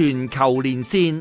全球連線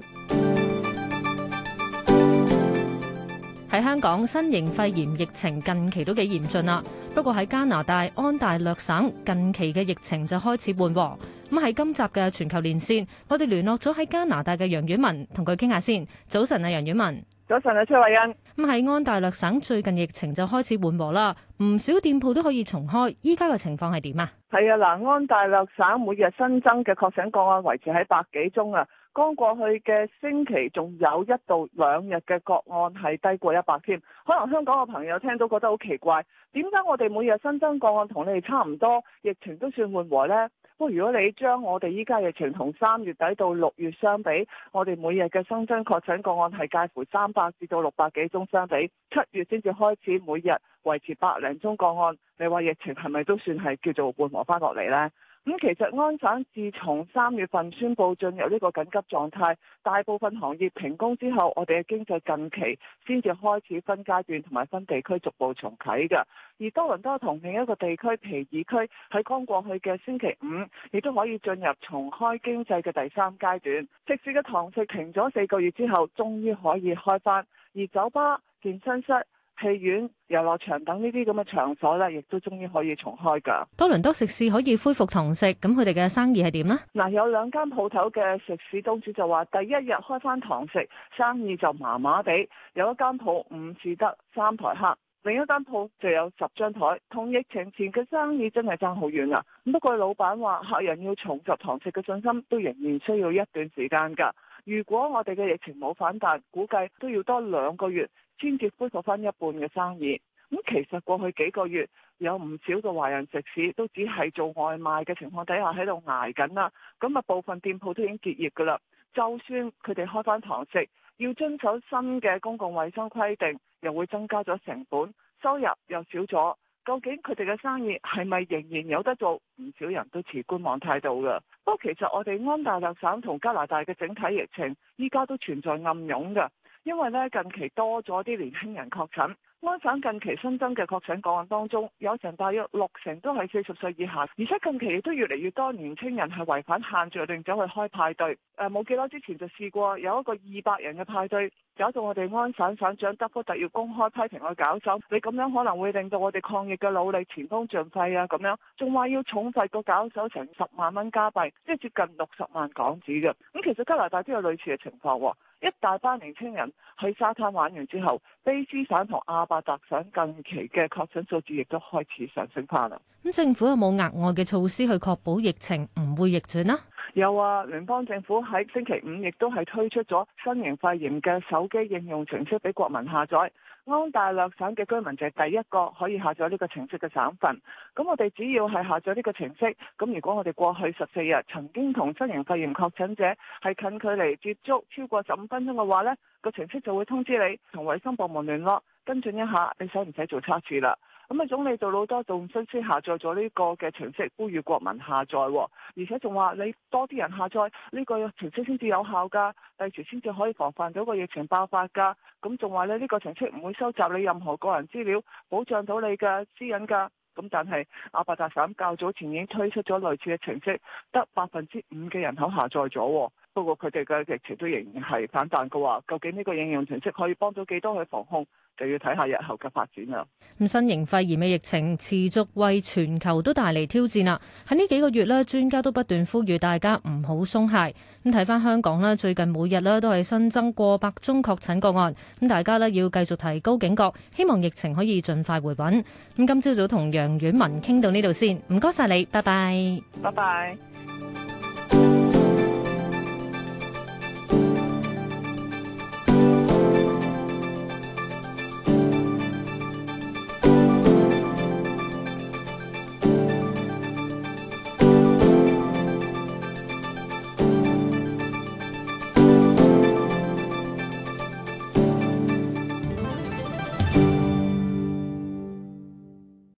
喺香港，新型肺炎疫情近期都幾嚴峻啦、啊。不過喺加拿大安大略省，近期嘅疫情就開始緩和。咁喺今集嘅全球連線，我哋聯絡咗喺加拿大嘅楊婉雯，同佢傾下先。早晨啊，楊婉雯。早晨啊，崔蔚恩。咁喺安大略省最近疫情就開始緩和啦，唔少店鋪都可以重開。依家嘅情況係點啊？係啊，嗱，安大略省每日新增嘅確診個案維持喺百幾宗啊。剛過去嘅星期仲有一到兩日嘅個案係低過一百添。可能香港嘅朋友聽都覺得好奇怪，點解我哋每日新增個案同你哋差唔多，疫情都算緩和咧？不過，如果你將我哋依家疫情同三月底到六月相比，我哋每日嘅新增確診個案係介乎三百至到六百幾宗，相比七月先至開始每日維持百零宗個，個案，你話疫情係咪都算係叫做緩和翻落嚟呢？咁、嗯、其實安省自從三月份宣布進入呢個緊急狀態，大部分行業停工之後，我哋嘅經濟近期先至開始分階段同埋分地區逐步重啟嘅。而多倫多同另一個地區皮爾區喺剛過去嘅星期五，亦都可以進入重開經濟嘅第三階段。食肆嘅堂食停咗四個月之後，終於可以開翻。而酒吧、健身室、戲院、遊樂場等呢啲咁嘅場所呢，亦都終於可以重開噶。多倫多食肆可以恢復堂食，咁佢哋嘅生意係點呢？嗱、啊，有兩間鋪頭嘅食肆東主就話，第一日開翻堂食，生意就麻麻地。有一間鋪五至得三台客，另一間鋪就有十張台。同疫情前嘅生意真係爭好遠啦。不過老闆話，客人要重拾堂食嘅信心，都仍然需要一段時間噶。如果我哋嘅疫情冇反彈，估計都要多兩個月，先至恢復翻一半嘅生意，咁其實過去幾個月有唔少嘅華人食肆都只係做外賣嘅情況底下喺度捱緊啦，咁啊部分店鋪都已經結業噶啦。就算佢哋開翻堂食，要遵守新嘅公共衛生規定，又會增加咗成本，收入又少咗，究竟佢哋嘅生意係咪仍然有得做？唔少人都持觀望態度噶。不過其實我哋安大略省同加拿大嘅整體疫情依家都存在暗湧噶。因為呢近期多咗啲年輕人確診。安省近期新增嘅確診個案當中，有成大約六成都係四十歲以下，而且近期亦都越嚟越多年青人係違反限聚令走去開派對。誒、啊，冇幾耐之前就試過有一個二百人嘅派對，搞到我哋安省省長德福特要公開批評去搞手，你咁樣可能會令到我哋抗疫嘅努力前功盡廢啊！咁樣仲話要重罰個搞手成十萬蚊加幣，即係接近六十萬港紙嘅。咁其實加拿大都有類似嘅情況，一大班年青人去沙灘玩完之後，卑詩省同亞亞伯達省近期嘅確診數字亦都開始上升返啦。咁政府有冇額外嘅措施去確保疫情唔會逆轉呢？有啊，聯邦政府喺星期五亦都係推出咗新型肺炎嘅手機應用程式俾國民下載。安大略省嘅居民就係第一個可以下載呢個程式嘅省份。咁我哋只要係下載呢個程式，咁如果我哋過去十四日曾經同新型肺炎確診者係近距離接觸超過十五分鐘嘅話，呢個程式就會通知你同衛生部門聯絡。跟進一下，你使唔使做測試啦？咁啊，總理杜魯多，仲率先下載咗呢個嘅程式，呼籲國民下載，而且仲話你多啲人下載呢個程式先至有效㗎，例如先至可以防範到個疫情爆發㗎。咁仲話咧，呢個程式唔會收集你任何個人資料，保障到你嘅私隱㗎。咁但係阿伯達省較早前已經推出咗類似嘅程式，得百分之五嘅人口下載咗。不過佢哋嘅疫情都仍然係反彈嘅話，究竟呢個應用程式可以幫到幾多去防控，就要睇下日後嘅發展啦。咁新型肺炎嘅疫情持續為全球都帶嚟挑戰啦。喺呢幾個月呢，專家都不斷呼籲大家唔好鬆懈。咁睇翻香港呢，最近每日呢都係新增過百宗確診個案。咁大家呢要繼續提高警覺，希望疫情可以盡快回穩。咁今朝早同楊婉雯傾到呢度先，唔該晒你，拜拜，拜拜。